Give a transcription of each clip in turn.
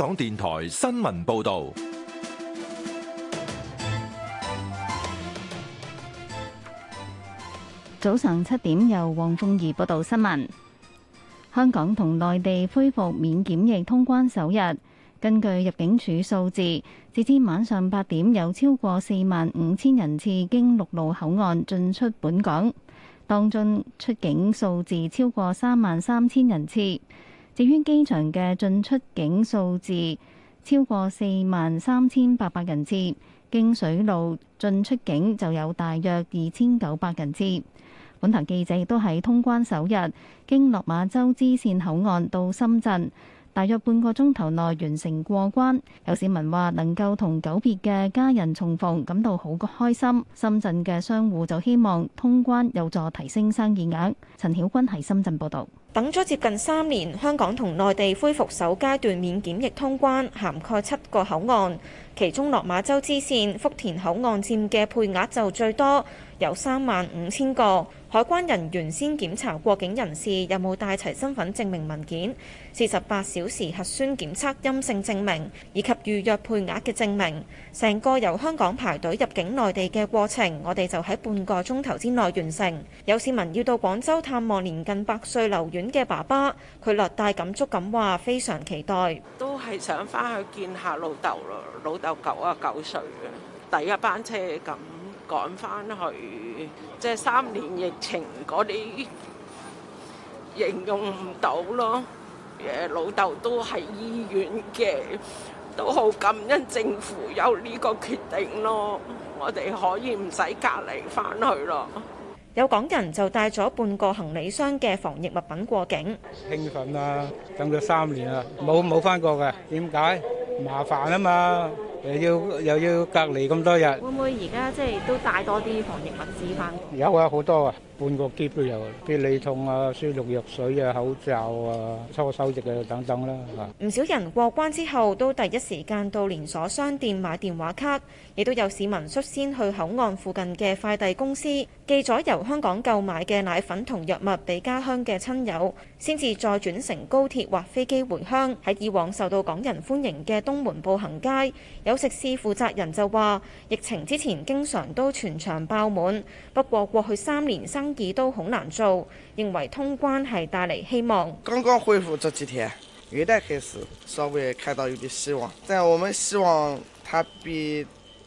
香港電台新聞報道：早上七點，由黃鳳儀報道新聞。香港同內地恢復免檢疫通關首日，根據入境處數字，截至晚上八點，有超過四萬五千人次經陸路口岸進出本港，當中出境數字超過三萬三千人次。至於機場嘅進出境數字超過四萬三千八百人次，經水路進出境就有大約二千九百人次。本台記者亦都喺通關首日經落馬洲支線口岸到深圳，大約半個鐘頭內完成過關。有市民話能夠同久別嘅家人重逢，感到好開心。深圳嘅商戶就希望通關有助提升生意額。陳曉君喺深圳報道。等咗接近三年，香港同內地恢復首階段免檢疫通關，涵蓋七個口岸，其中落馬洲支線福田口岸佔嘅配額就最多，有三萬五千個。海關人員先檢查過境人士有冇帶齊身份證明文件、四十八小時核酸檢測陰性證明以及預約配額嘅證明。成個由香港排隊入境內地嘅過程，我哋就喺半個鐘頭之內完成。有市民要到廣州探望年近百歲留粵嘅爸爸，佢略帶感觸咁話，非常期待，都係想翻去見下老豆咯，老豆九啊九歲，第一班車咁趕翻去，即係三年疫情嗰啲形容唔到咯。誒，老豆都喺醫院嘅，都好感恩政府有呢個決定咯，我哋可以唔使隔離翻去咯。有港人就帶咗半個行李箱嘅防疫物品過境，興奮啦！等咗三年啦，冇冇翻過嘅，點解？麻煩啊嘛，又要又要隔離咁多日，會唔會而家即係都帶多啲防疫物資翻？而家會有好多啊！半個鍵都有啊，必理痛啊、輸氯藥水啊、口罩啊、搓手液啊等等啦。唔少人過關之後都第一時間到連鎖商店買電話卡，亦都有市民率先去口岸附近嘅快遞公司寄咗由香港購買嘅奶粉同藥物俾家鄉嘅親友，先至再轉乘高鐵或飛機回鄉。喺以往受到港人歡迎嘅東門步行街，有食肆負責人就話：疫情之前經常都全場爆滿，不過過去三年生都好難做，認為通關係帶嚟希望。剛剛恢復這幾天，元旦開始稍微看到有點希望。但我們希望他比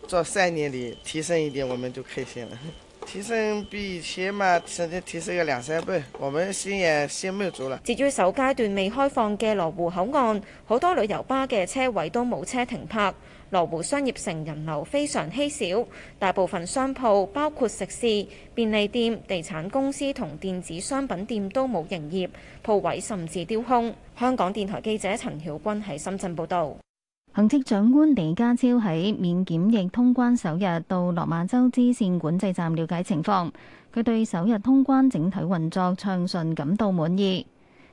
這三年裏提升一點，我們就開心了。提升比以前嘛，甚至提升個兩三倍，我們心也心滿足啦。至於首階段未開放嘅羅湖口岸，好多旅遊巴嘅車位都冇車停泊，羅湖商業城人流非常稀少，大部分商鋪包括食肆、便利店、地產公司同電子商品店都冇營業，鋪位甚至丟空。香港電台記者陳曉君喺深圳報道。行政長官李家超喺免檢疫通關首日到落馬洲支線管制站了解情況。佢對首日通關整體運作暢順感到滿意。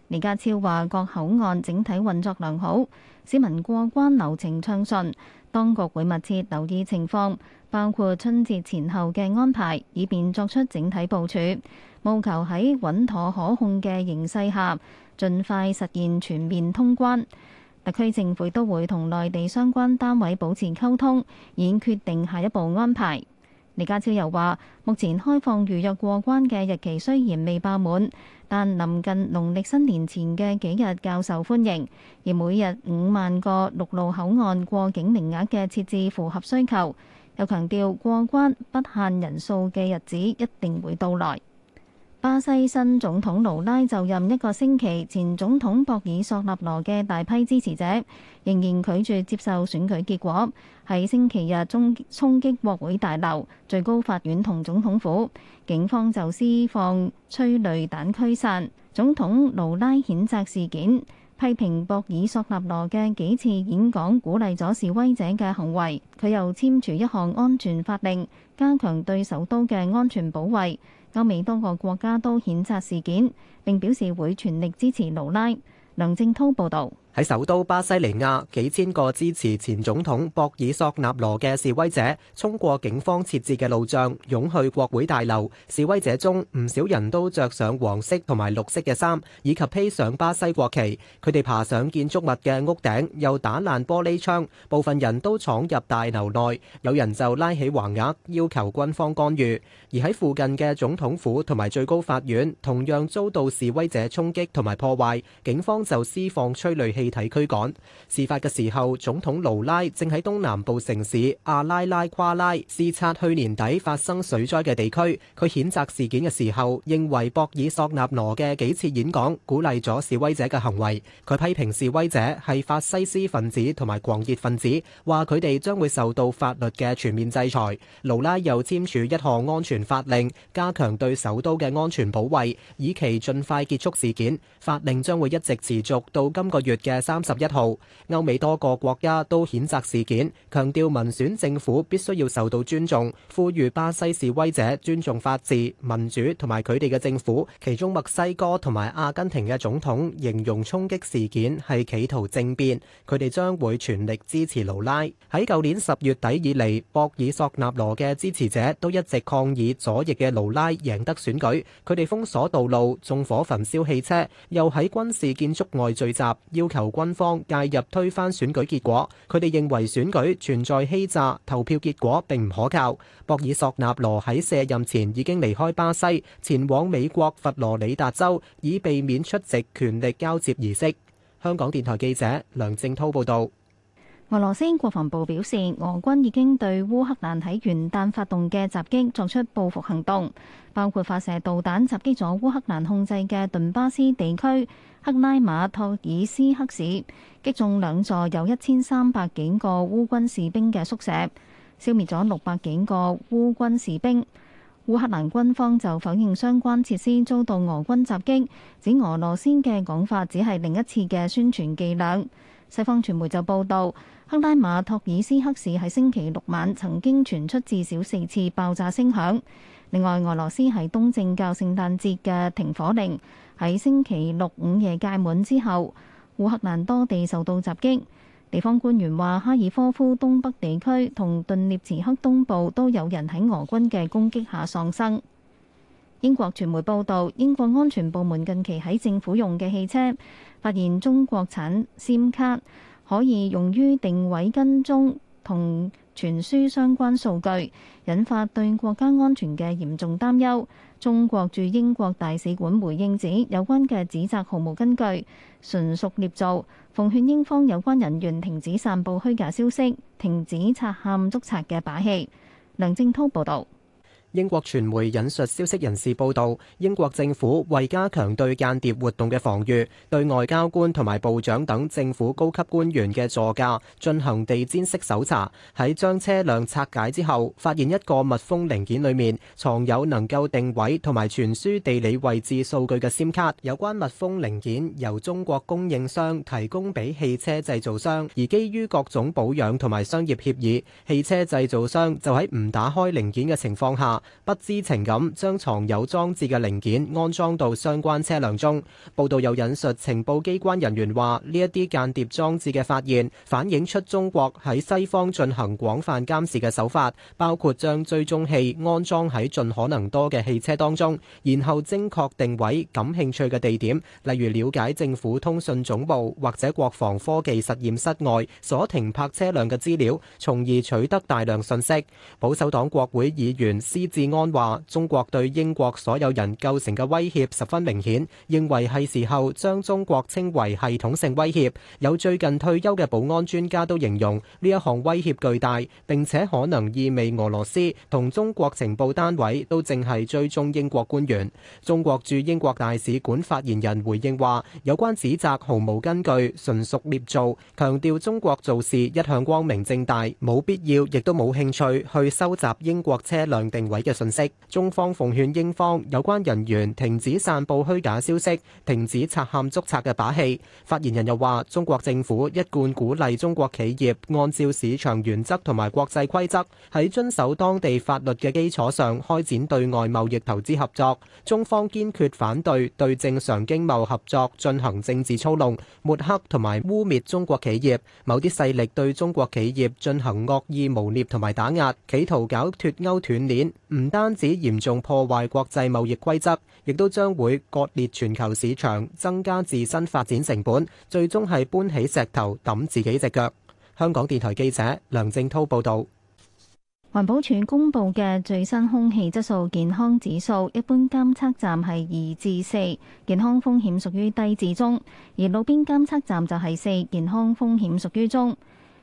李家超話：各口岸整體運作良好，市民過關流程暢順。當局會密切留意情況，包括春節前後嘅安排，以便作出整體部署，務求喺穩妥可控嘅形勢下，盡快實現全面通關。特區政府都會同內地相關單位保持溝通，已決定下一步安排。李家超又話：目前開放預約過關嘅日期雖然未爆滿，但臨近農曆新年前嘅幾日較受歡迎，而每日五萬個陸路口岸過境名額嘅設置符合需求。又強調過關不限人數嘅日子一定會到來。巴西新總統盧拉就任一個星期前，總統博爾索納羅嘅大批支持者仍然拒絕接受選舉結果，喺星期日中衝擊國會大樓、最高法院同總統府，警方就施放催淚彈驅散。總統盧拉譴責事件，批評博爾索納羅嘅幾次演講鼓勵咗示威者嘅行為，佢又簽署一項安全法令，加強對首都嘅安全保衛。歐美多個國家都譴責事件，並表示會全力支持盧拉。梁正濤報導。喺首都巴西利亞，幾千個支持前總統博爾索納羅嘅示威者，衝過警方設置嘅路障，湧去國會大樓。示威者中唔少人都着上黃色同埋綠色嘅衫，以及披上巴西國旗。佢哋爬上建築物嘅屋頂，又打爛玻璃窗。部分人都闖入大樓內，有人就拉起橫額，要求軍方干預。而喺附近嘅總統府同埋最高法院，同樣遭到示威者衝擊同埋破壞。警方就施放催淚氣。氣體驅趕。事發嘅時候，總統盧拉正喺東南部城市阿拉拉夸拉視察去年底發生水災嘅地區。佢譴責事件嘅時候，認為博爾索納羅嘅幾次演講鼓勵咗示威者嘅行為。佢批評示威者係法西斯分子同埋狂熱分子，話佢哋將會受到法律嘅全面制裁。盧拉又簽署一項安全法令，加強對首都嘅安全保衛，以期盡快結束事件。法令將會一直持續到今個月嘅嘅三十一號，歐美多個國家都譴責事件，強調民選政府必須要受到尊重，呼籲巴西示威者尊重法治、民主同埋佢哋嘅政府。其中墨西哥同埋阿根廷嘅總統形容衝擊事件係企圖政變，佢哋將會全力支持盧拉。喺舊年十月底以嚟，博爾索納羅嘅支持者都一直抗議左翼嘅盧拉贏得選舉，佢哋封鎖道路、縱火焚燒汽車，又喺軍事建築外聚集，要求由軍方介入推翻選舉結果，佢哋認為選舉存在欺詐，投票結果並唔可靠。博爾索納羅喺卸任前已經離開巴西，前往美國佛羅里達州，以避免出席權力交接儀式。香港電台記者梁正滔報道。俄羅斯國防部表示，俄軍已經對烏克蘭喺元旦發動嘅襲擊作出報復行動，包括發射導彈襲擊咗烏克蘭控制嘅頓巴斯地區克拉馬托爾斯克市，擊中兩座有一千三百幾個烏軍士兵嘅宿舍，消滅咗六百幾個烏軍士兵。烏克蘭軍方就否認相關設施遭到俄軍襲擊，指俄羅斯嘅講法只係另一次嘅宣傳伎倆。西方傳媒就報道。克拉馬托爾斯克市喺星期六晚曾經傳出至少四次爆炸聲響。另外，俄羅斯喺東正教聖誕節嘅停火令喺星期六午夜屆滿之後，烏克蘭多地受到襲擊。地方官員話，哈爾科夫東北地區同頓涅茨克東部都有人喺俄軍嘅攻擊下喪生。英國傳媒報道，英國安全部門近期喺政府用嘅汽車發現中國產 SIM 卡。可以用於定位跟蹤同傳輸相關數據，引發對國家安全嘅嚴重擔憂。中國駐英國大使館回應指，有關嘅指責毫無根據，純屬捏造，奉勸英方有關人員停止散佈虛假消息，停止賊喊捉賊嘅把戲，梁正濤報道。英國傳媒引述消息人士報道，英國政府為加強對間諜活動嘅防禦，對外交官同埋部長等政府高級官員嘅座駕進行地毯式搜查。喺將車輛拆解之後，發現一個密封零件裏面藏有能夠定位同埋傳輸地理位置數據嘅閃卡。有關密封零件由中國供應商提供俾汽車製造商，而基於各種保養同埋商業協議，汽車製造商就喺唔打開零件嘅情況下，不知情咁，將藏有裝置嘅零件安裝到相關車輛中。報道又引述情報機關人員話：呢一啲間諜裝置嘅發現，反映出中國喺西方進行廣泛監視嘅手法，包括將追蹤器安裝喺盡可能多嘅汽車當中，然後精確定位感興趣嘅地點，例如了解政府通訊總部或者國防科技實驗室外所停泊車輛嘅資料，從而取得大量信息。保守黨國會議員斯治安話中國對英國所有人構成嘅威脅十分明顯，認為係時候將中國稱為系統性威脅。有最近退休嘅保安專家都形容呢一項威脅巨大，並且可能意味俄羅斯同中國情報單位都正係追蹤英國官員。中國駐英國大使館發言人回應話：有關指責毫無根據，純屬捏造。強調中國做事一向光明正大，冇必要亦都冇興趣去收集英國車輛定位嘅信息，中方奉勸英方有關人員停止散布虛假消息，停止賊喊捉賊嘅把戲。發言人又話，中國政府一貫鼓勵中國企業按照市場原則同埋國際規則，喺遵守當地法律嘅基礎上開展對外貿易投資合作。中方堅決反對對正常經貿合作進行政治操弄、抹黑同埋污衊中國企業。某啲勢力對中國企業進行惡意污衊同埋打壓，企圖搞脱歐斷鏈，唔單止嚴重破壞國際貿易規則，亦都將會割裂全球市場，增加自身發展成本，最終係搬起石頭揼自己隻腳。香港電台記者梁正濤報道。環保署公佈嘅最新空氣質素健康指數，一般監測站係二至四，健康風險屬於低至中；而路邊監測站就係四，健康風險屬於中。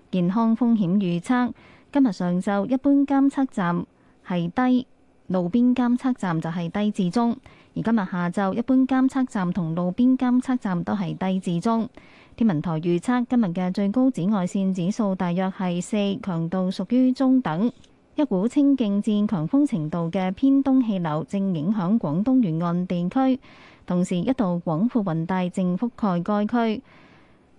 健康風險預測今日上晝，一般監測站，係低，路邊監測站就係低至中。而今日下晝一般監測站同路邊監測站都係低至中。天文台預測今日嘅最高紫外線指數大約係四，強度屬於中等。一股清勁戰強風程度嘅偏東氣流正影響廣東沿岸地區，同時一道廣闊雲帶正覆蓋該區。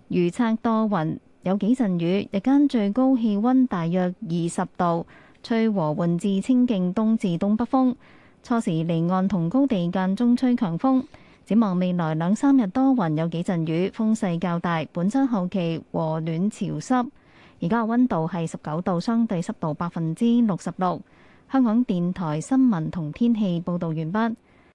預測多雲，有幾陣雨，日間最高氣温大約二十度。吹和緩至清勁東至東北風，初時離岸同高地間中吹強風，展望未來兩三日多雲，有幾陣雨，風勢較大。本身後期和暖潮濕，而家嘅溫度係十九度，相對濕度百分之六十六。香港電台新聞同天氣報道完畢。